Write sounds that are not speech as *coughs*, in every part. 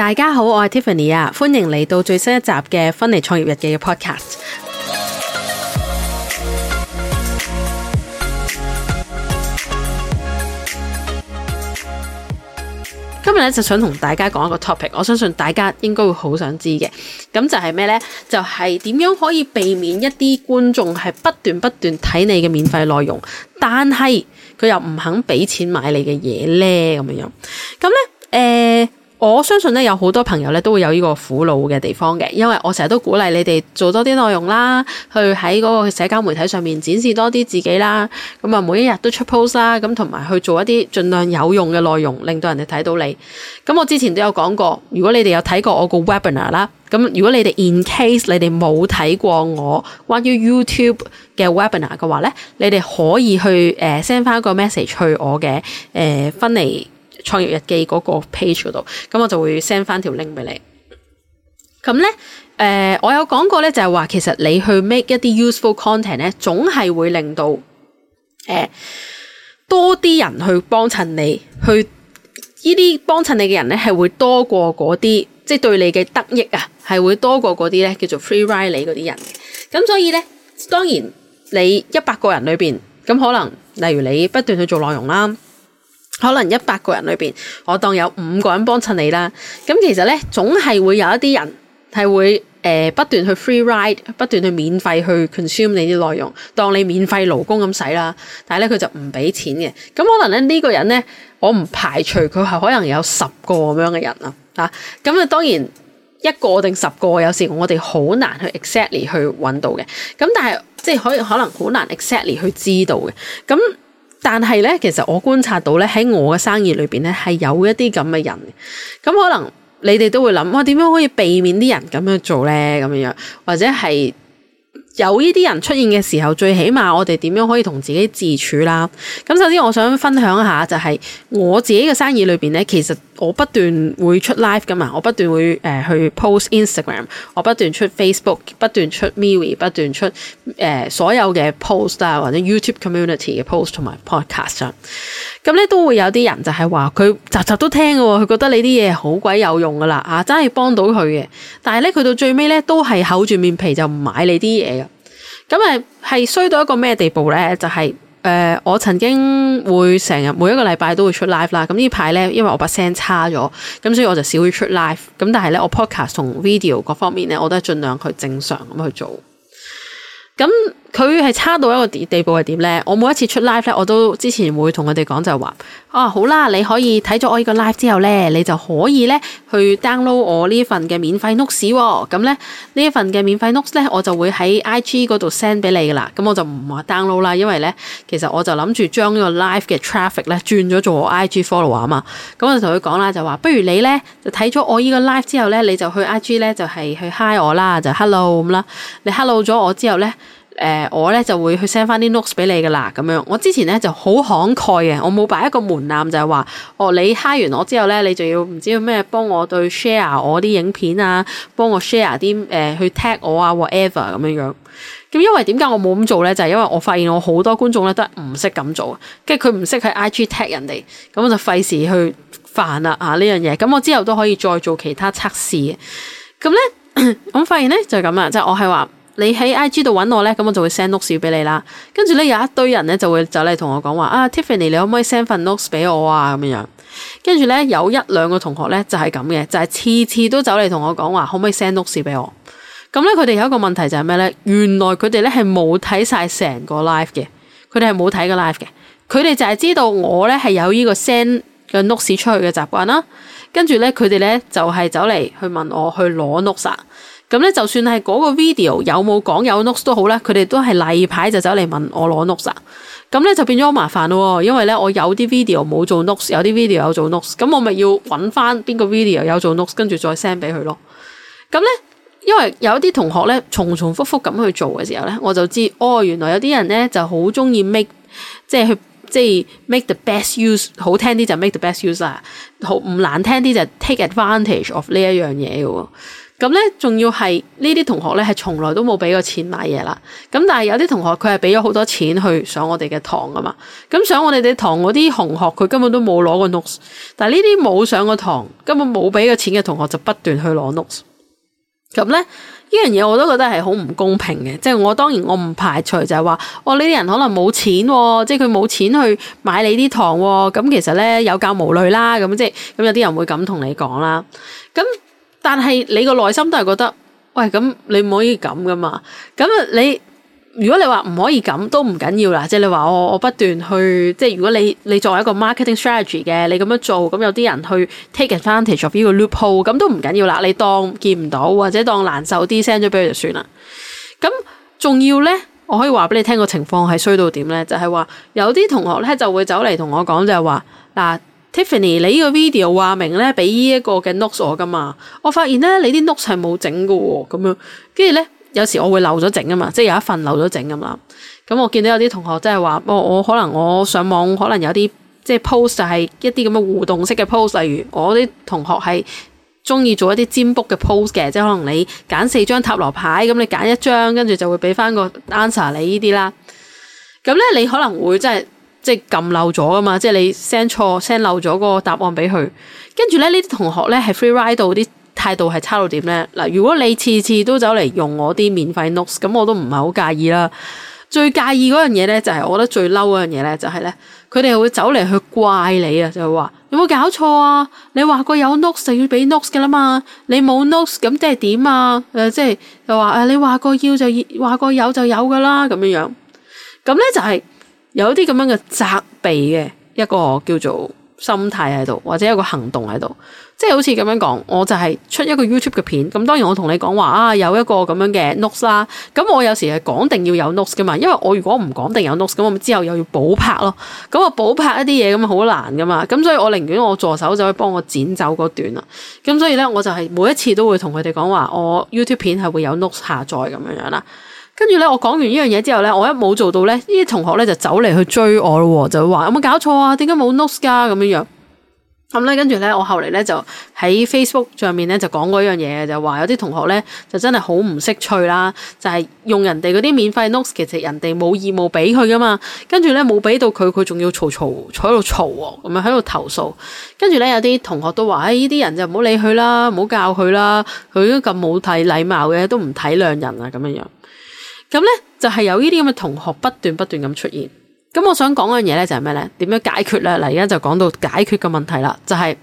大家好，我係 Tiffany 啊，歡迎嚟到最新一集嘅《婚禮創業日記》podcast。今日咧就想同大家講一個 topic，我相信大家應該會好想知嘅，咁就係咩呢？就係點樣可以避免一啲觀眾係不斷不斷睇你嘅免費內容，但係佢又唔肯俾錢買你嘅嘢呢？咁樣樣，咁咧。我相信咧，有好多朋友咧都會有呢個苦惱嘅地方嘅，因為我成日都鼓勵你哋做多啲內容啦，去喺嗰個社交媒體上面展示多啲自己啦，咁、嗯、啊每一日都出 post 啦，咁同埋去做一啲盡量有用嘅內容，令到人哋睇到你。咁、嗯、我之前都有講過，如果你哋有睇過我個 webinar 啦，咁如果你哋 in case 你哋冇睇過我關於 YouTube 嘅 webinar 嘅話咧，你哋可以去誒、呃、send 翻一個 message 去我嘅誒分嚟。呃創業日記嗰個 page 嗰度，咁我就會 send 翻條 link 俾你。咁呢，誒、呃，我有講過呢，就係話其實你去 make 一啲 useful content 呢，總係會令到誒、呃、多啲人去幫襯你，去呢啲幫襯你嘅人呢，係會多過嗰啲，即係對你嘅得益啊，係會多過嗰啲呢叫做 free ride 你嗰啲人。咁所以呢，當然你一百個人裏邊，咁可能例如你不斷去做內容啦。可能一百個人裏邊，我當有五個人幫襯你啦。咁其實咧，總係會有一啲人係會誒、呃、不斷去 free ride，不斷去免費去 consume 你啲內容，當你免費勞工咁使啦。但係咧，佢就唔俾錢嘅。咁可能咧呢、呢個人咧，我唔排除佢係可能有十個咁樣嘅人啊。啊，咁啊，當然一個定十個，有時我哋好難去 exactly 去搵到嘅。咁但係即係可以，可能好難 exactly 去知道嘅。咁。但係咧，其實我觀察到咧喺我嘅生意裏邊咧，係有一啲咁嘅人，咁、嗯、可能你哋都會諗，我、啊、點樣可以避免啲人咁樣做咧？咁樣樣或者係。有呢啲人出現嘅時候，最起碼我哋點樣可以同自己自處啦？咁首先我想分享下、就是，就係我自己嘅生意裏邊呢，其實我不斷會出 live 噶嘛，我不斷會誒、呃、去 post Instagram，我不斷出 Facebook，不斷出 MeWe，不斷出誒、呃、所有嘅 post 啊，或者 YouTube community 嘅 post 同埋 podcast 上、啊，咁咧都會有啲人就係話佢集集都聽嘅喎、哦，佢覺得你啲嘢好鬼有用噶啦，啊真係幫到佢嘅，但係咧佢到最尾咧都係厚住面皮就唔買你啲嘢咁誒，係、嗯、衰到一個咩地步咧？就係、是、誒、呃，我曾經會成日每一個禮拜都會出 live 啦、嗯。咁呢排咧，因為我把聲差咗，咁、嗯、所以我就少會出 live、嗯。咁但係咧，我 podcast 同 video 各方面咧，我都係盡量去正常咁去做。咁、嗯。佢係差到一個地地步係點咧？我每一次出 live，我都之前會同佢哋講就話哦、啊，好啦，你可以睇咗我呢個 live 之後咧，你就可以咧去 download 我呢份嘅免費 notes 喎。咁咧呢一份嘅免費 notes 咧，我就會喺 I G 嗰度 send 俾你噶啦。咁我就唔話 download 啦，因為咧其實我就諗住將呢個 live 嘅 traffic 咧轉咗做 I G follow 啊嘛。咁我就同佢講啦，就話不如你咧就睇咗我呢個 live 之後咧，你就去 I G 咧就係、是、去 hi 我啦，就 hello 咁啦。你 hello 咗我之後咧。誒、呃，我咧就會去 send 翻啲 notes 俾你噶啦，咁樣。我之前咧就好慷慨嘅，我冇擺一個門檻，就係話，哦，你嗨完我之後咧，你就要唔知要咩幫我對 share 我啲影片啊，幫我 share 啲誒去 tag 我啊 whatever 咁樣樣。咁因為點解我冇咁做咧？就係因為我發現我好多觀眾咧都係唔識咁做，跟住佢唔識喺 IG tag 人哋，咁我就費事去煩啦啊呢樣嘢。咁我之後都可以再做其他測試嘅。咁咧，我發現咧就係咁啊，即係我係話。你喺 IG 度揾我咧，咁我就會 send notes 俾你啦。跟住咧有一堆人咧就會走嚟同我講話啊，Tiffany 你可唔可以 send 份 notes 俾我啊？咁樣，跟住咧有一兩個同學咧就係咁嘅，就係次次都走嚟同我講話，可唔可以 send notes 俾我？咁咧佢哋有一個問題就係咩咧？原來佢哋咧係冇睇晒成個 live 嘅，佢哋係冇睇個 live 嘅，佢哋就係知道我咧係有呢個 send 個 notes 出去嘅習慣啦。跟住咧佢哋咧就係走嚟去問我去攞 notes。.咁咧，就算係嗰個 video 有冇講有，有 notes 都好咧，佢哋都係例牌就走嚟問我攞 notes。咁咧就變咗好麻煩咯，因為咧我有啲 video 冇做 notes，有啲 video 有做 notes。咁我咪要揾翻邊個 video 有做 notes，跟住再 send 俾佢咯。咁咧，因為有啲同學咧，重重複复咁去做嘅時候咧，我就知哦，原來有啲人咧就好中意 make，即係去即係 make the best use，好聽啲就 make the best use 啊，好唔難聽啲就 take advantage of 呢一樣嘢嘅。咁咧，仲要係呢啲同學咧，係從來都冇俾過錢買嘢啦。咁但係有啲同學佢係俾咗好多錢去上我哋嘅堂啊嘛。咁上我哋嘅堂嗰啲同學，佢根本都冇攞過 notes。但係呢啲冇上過堂，根本冇俾過錢嘅同學，就不斷去攞 notes。咁咧呢樣嘢我都覺得係好唔公平嘅。即係我當然我唔排除就係話，哦，呢啲人可能冇錢，哦，即係佢冇錢去買你啲堂，哦。咁其實咧有教無類啦，咁即係咁有啲人會咁同你講啦。咁但係你個內心都係覺得，喂，咁你唔可以咁噶嘛？咁你，如果你話唔可以咁都唔緊要啦。即係你話我不斷去，即係如果你你作為一個 marketing strategy 嘅，你咁樣做，咁有啲人去 take advantage of 呢個 loop hole，咁都唔緊要啦。你當見唔到或者當難受啲 send 咗俾佢就算啦。咁仲要呢，我可以話俾你聽個情況係衰到點呢？就係話有啲同學呢就會走嚟同我講就係話嗱。啊 Tiffany，你呢個 video 話明咧俾呢一個嘅 notes 我噶嘛？我發現咧你啲 notes 係冇整噶，咁樣跟住咧有時我會漏咗整啊嘛，即係有一份漏咗整噶嘛。咁、嗯、我見到有啲同學即係話我我可能我上網可能有啲即係 post 就係一啲咁嘅互動式嘅 post，例如我啲同學係中意做一啲占卜嘅 post 嘅，即係可能你揀四張塔羅牌，咁、嗯、你揀一張，跟住就會俾翻個 answer 你呢啲啦。咁、嗯、咧、嗯嗯嗯、你可能會即係。即係撳漏咗啊嘛！即係你 send 錯 send 漏咗個答案俾佢，跟住咧呢啲同學咧係 free ride 到啲態度係差到點咧嗱！如果你次次都走嚟用我啲免費 notes，咁我都唔係好介意啦。最介意嗰樣嘢咧，就係、是、我覺得最嬲嗰樣嘢咧，就係咧佢哋會走嚟去怪你啊！就話有冇搞錯啊？你話過有 notes 就要俾 notes 噶啦嘛？你冇 notes 咁即係點啊？誒、呃，即係又話誒，你話過要就話過有就有噶啦咁樣樣呢。咁咧就係、是。有啲咁樣嘅責備嘅一個叫做心態喺度，或者一個行動喺度，即係好似咁樣講，我就係出一個 YouTube 嘅片，咁當然我同你講話啊，有一個咁樣嘅 notes 啦，咁我有時係講定要有 notes 噶嘛，因為我如果唔講定有 notes，咁我之後又要補拍咯，咁我補拍一啲嘢，咁啊好難噶嘛，咁所以我寧願我助手就可以幫我剪走嗰段啦，咁所以咧我就係每一次都會同佢哋講話，我 YouTube 片係會有 notes 下載咁樣樣啦。跟住咧，我講完呢樣嘢之後咧，我一冇做到咧，呢啲同學咧就走嚟去追我咯、哦，就話有冇搞錯啊？點解冇 notes 噶？咁樣樣咁咧、嗯，跟住咧，我後嚟咧就喺 Facebook 上面咧就講過一樣嘢，就話有啲同學咧就真係好唔識趣啦，就係、係、用人哋嗰啲免費 notes，其實人哋冇義務俾佢噶嘛。跟住咧冇俾到佢，佢仲要嘈嘈喺度嘈，咁樣喺度投訴。跟住咧有啲同學都話：，哎，呢啲人就唔好理佢啦，唔好教佢啦，佢都咁冇睇禮貌嘅，都唔體諒人啊，咁樣樣。咁咧就係有呢啲咁嘅同學不斷不斷咁出現，咁我想講嘅樣嘢咧就係咩咧？點樣解決咧？嗱，而家就講到解決嘅問題啦，就係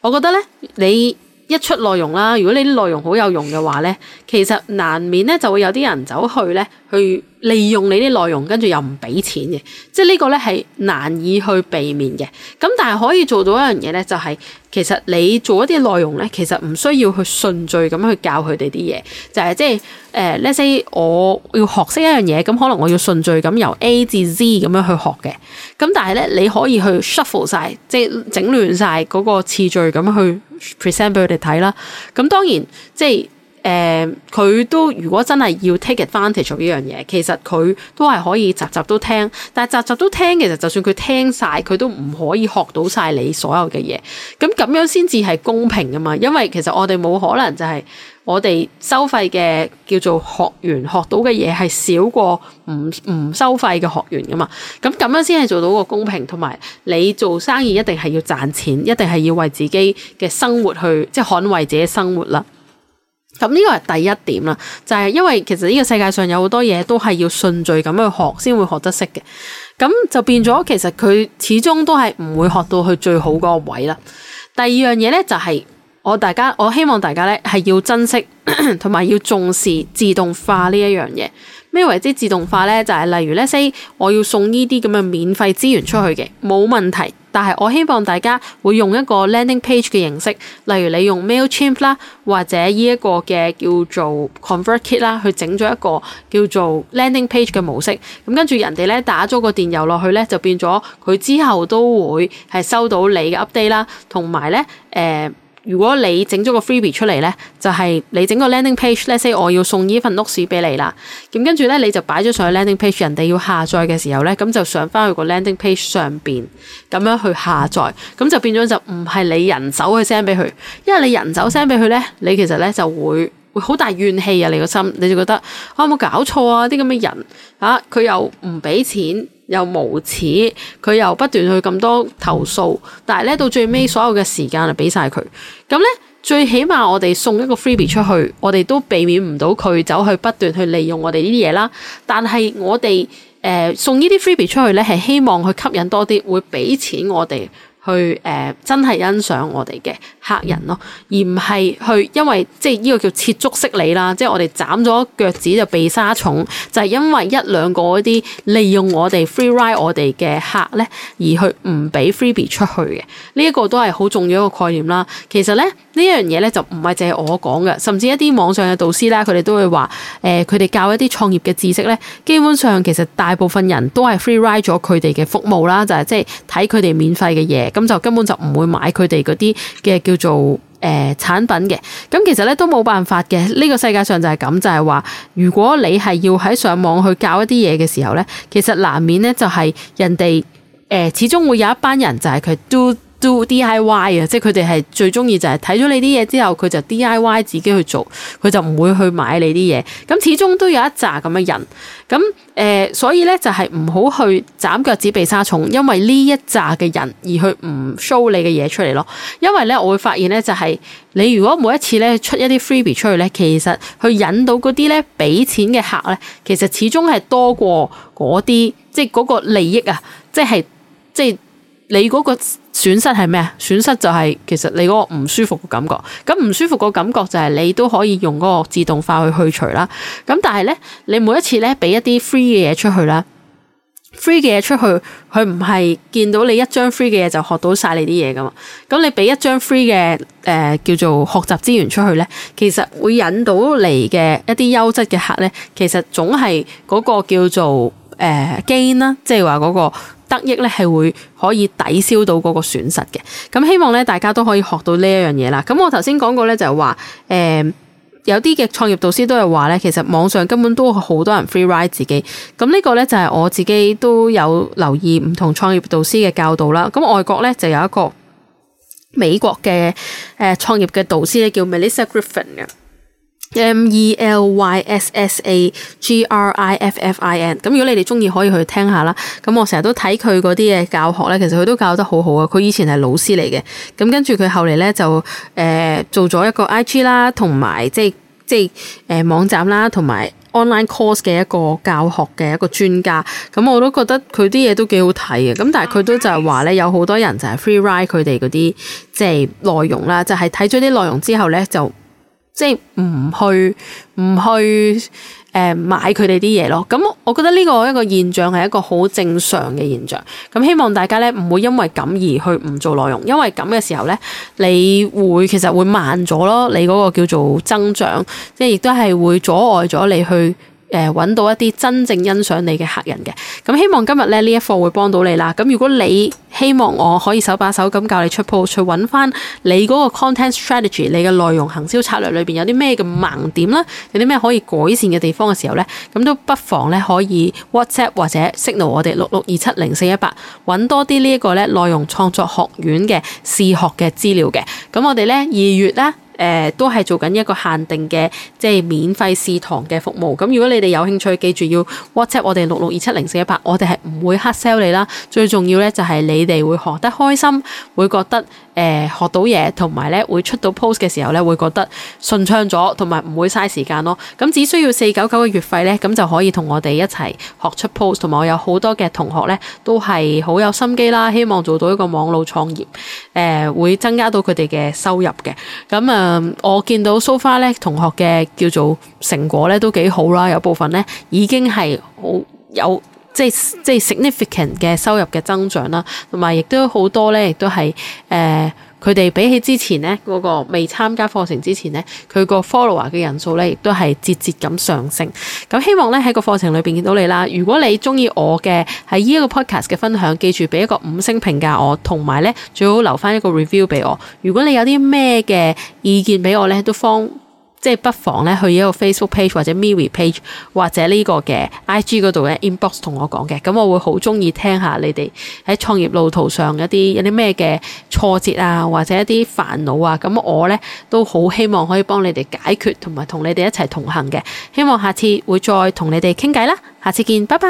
我覺得咧，你一出內容啦，如果你啲內容好有用嘅話咧，其實難免咧就會有啲人走去咧去利用你啲內容，跟住又唔俾錢嘅，即係呢個咧係難以去避免嘅。咁但係可以做到一樣嘢咧、就係，就係其實你做一啲內容咧，其實唔需要去順序咁去教佢哋啲嘢，就係、係、即係誒，let’s say 我要學識一樣嘢，咁可能我要順序咁由 A 至 Z 咁樣去學嘅。咁但係咧，你可以去 shuffle 晒，即係整亂晒嗰個次序咁去 present 俾佢哋睇啦。咁當然即係。誒，佢、呃、都如果真係要 take advantage 呢樣嘢，其實佢都係可以集集都聽，但係集集都聽，其實就算佢聽晒，佢都唔可以學到晒你所有嘅嘢。咁咁樣先至係公平噶嘛？因為其實我哋冇可能就係我哋收費嘅叫做學員學到嘅嘢係少過唔唔收費嘅學員噶嘛？咁咁樣先係做到個公平。同埋你做生意一定係要賺錢，一定係要為自己嘅生活去即係捍衛自己生活啦。咁呢個係第一點啦，就係、是、因為其實呢個世界上有好多嘢都係要順序咁去學先會學得識嘅，咁就變咗其實佢始終都係唔會學到去最好嗰個位啦。第二樣嘢咧，就係、是、我大家，我希望大家咧係要珍惜同埋 *coughs* 要重視自動化呢一樣嘢。咩為之自動化呢，就係例如呢，say 我要送呢啲咁樣免費資源出去嘅，冇問題。但係我希望大家會用一個 landing page 嘅形式，例如你用 Mailchimp 啦，或者呢一個嘅叫做 ConvertKit 啦，去整咗一個叫做 landing page 嘅模式。咁跟住人哋呢打咗個電郵落去呢，就變咗佢之後都會係收到你嘅 update 啦，同埋呢。誒、呃。如果你整咗個 freebie 出嚟咧，就係、是、你整個 landing page，let's say 我要送份呢份屋史俾你啦，咁跟住咧你就擺咗上去 landing page，人哋要下載嘅時候咧，咁就上翻去個 landing page 上邊，咁樣去下載，咁就變咗就唔係你人手去 send 俾佢，因為你人手 send 俾佢咧，你其實咧就會會好大怨氣啊，你個心，你就覺得我、啊，有冇搞錯啊？啲咁嘅人啊，佢又唔俾錢。又無恥，佢又不斷去咁多投訴，但係咧到最尾所有嘅時間就俾晒佢。咁咧最起碼我哋送一個 freebie 出去，我哋都避免唔到佢走去不斷去利用我哋呢啲嘢啦。但係我哋誒、呃、送呢啲 freebie 出去咧，係希望去吸引多啲會俾錢我哋，去誒、呃、真係欣賞我哋嘅客人咯，而唔係去因為即係呢個叫削足適履啦，即係我哋斬咗腳趾就避沙蟲，就係、是、因為一兩個嗰啲利用我哋 free ride 我哋嘅客咧，而去唔俾 freebie 出去嘅，呢、這、一個都係好重要一個概念啦。其實咧。呢樣嘢咧就唔係淨係我講嘅，甚至一啲網上嘅導師啦，佢哋都會話：誒、呃，佢哋教一啲創業嘅知識咧，基本上其實大部分人都係 free ride 咗佢哋嘅服務啦，就係即係睇佢哋免費嘅嘢，咁就根本就唔會買佢哋嗰啲嘅叫做誒、呃、產品嘅。咁其實咧都冇辦法嘅，呢、這個世界上就係咁，就係、是、話如果你係要喺上網去教一啲嘢嘅時候咧，其實難免咧就係人哋誒、呃，始終會有一班人就係佢 do。Do D.I.Y. 啊，即係佢哋係最中意就係睇咗你啲嘢之後，佢就 D.I.Y. 自己去做，佢就唔會去買你啲嘢。咁始終都有一紮咁嘅人，咁誒、呃，所以咧就係唔好去斬腳趾避沙蟲，因為呢一扎嘅人而去唔 show 你嘅嘢出嚟咯。因為咧我會發現咧就係、是、你如果每一次咧出一啲 freebie 出去咧，其實去引到嗰啲咧俾錢嘅客咧，其實始終係多過嗰啲即係嗰個利益啊，即係即係。你嗰個損失係咩啊？損失就係其實你嗰個唔舒服嘅感覺。咁唔舒服個感覺就係你都可以用嗰個自動化去去除啦。咁但係咧，你每一次咧俾一啲 free 嘅嘢出去啦，free 嘅嘢出去，佢唔係見到你一張 free 嘅嘢就學到晒你啲嘢噶嘛。咁你俾一張 free 嘅誒、呃、叫做學習資源出去咧，其實會引到嚟嘅一啲優質嘅客咧，其實總係嗰個叫做誒、呃、gain 啦，即係話嗰個。得益咧係會可以抵消到嗰個損失嘅，咁希望咧大家都可以學到呢一樣嘢啦。咁我頭先講過咧就係、是、話，誒、呃、有啲嘅創業導師都係話咧，其實網上根本都好多人 free ride 自己。咁、這、呢個咧就係我自己都有留意唔同創業導師嘅教導啦。咁外國咧就有一個美國嘅誒創業嘅導師咧叫 Melissa Griffin 嘅。Melyssa Griffin，咁如果你哋中意可以去聽下啦。咁我成日都睇佢嗰啲嘅教學咧，其實佢都教得好好啊。佢以前係老師嚟嘅，咁跟住佢後嚟咧就誒、呃、做咗一個 IG 啦，同埋即係即係誒、呃、網站啦，同埋 online course 嘅一個教學嘅一,一個專家。咁我都覺得佢啲嘢都幾好睇嘅。咁但係佢都就係話咧，oh, nice. 有好多人就係 free ride 佢哋嗰啲即係內容啦，就係睇咗啲內容之後咧就。即係唔去唔去誒、呃、買佢哋啲嘢咯，咁、嗯、我覺得呢個一個現象係一個好正常嘅現象，咁、嗯、希望大家咧唔會因為咁而去唔做內容，因為咁嘅時候咧你會其實會慢咗咯，你嗰個叫做增長，即係亦都係會阻礙咗你去。誒、揾到一啲真正欣賞你嘅客人嘅，咁希望今日咧呢一課會幫到你啦。咁如果你希望我可以手把手咁教你出 post 去揾翻你嗰個 content strategy，你嘅內容行銷策略裏邊有啲咩嘅盲點啦，有啲咩可以改善嘅地方嘅時候呢，咁都不妨呢可以 WhatsApp 或者 signal 我哋六六二七零四一八，揾多啲呢一個咧內容創作學院嘅試學嘅資料嘅。咁我哋呢二月咧。誒、呃、都係做緊一個限定嘅，即係免費試堂嘅服務。咁如果你哋有興趣，記住要 WhatsApp 我哋六六二七零四一八，我哋係唔會黑 sell 你啦。最重要呢，就係、是、你哋會學得開心，會覺得誒、呃、學到嘢，同埋呢會出到 post 嘅時候呢，會覺得順暢咗，同埋唔會嘥時間咯。咁只需要四九九嘅月費呢，咁就可以同我哋一齊學出 post，同埋我有好多嘅同學呢，都係好有心機啦，希望做到一個網絡創業，誒、呃、會增加到佢哋嘅收入嘅。咁啊～、呃 Um, 我見到 so far 咧，同學嘅叫做成果咧都幾好啦，有部分咧已經係好有即係即係 significant 嘅收入嘅增長啦，同埋亦都好多咧亦都係誒。呃佢哋比起之前呢，嗰個未參加課程之前呢，佢個 follower 嘅人數呢，亦都係節節咁上升。咁希望呢，喺個課程裏邊見到你啦。如果你中意我嘅喺呢一個 podcast 嘅分享，記住俾一個五星評價我，同埋呢最好留翻一個 review 俾我。如果你有啲咩嘅意見俾我呢，都方。即係不妨咧，去一個 Facebook page 或者 MeWe page 或者呢個嘅 IG 嗰度嘅 inbox 同我講嘅，咁我會好中意聽下你哋喺創業路途上一啲有啲咩嘅挫折啊，或者一啲煩惱啊，咁我咧，都好希望可以幫你哋解決，同埋同你哋一齊同行嘅。希望下次會再同你哋傾偈啦，下次見，拜拜。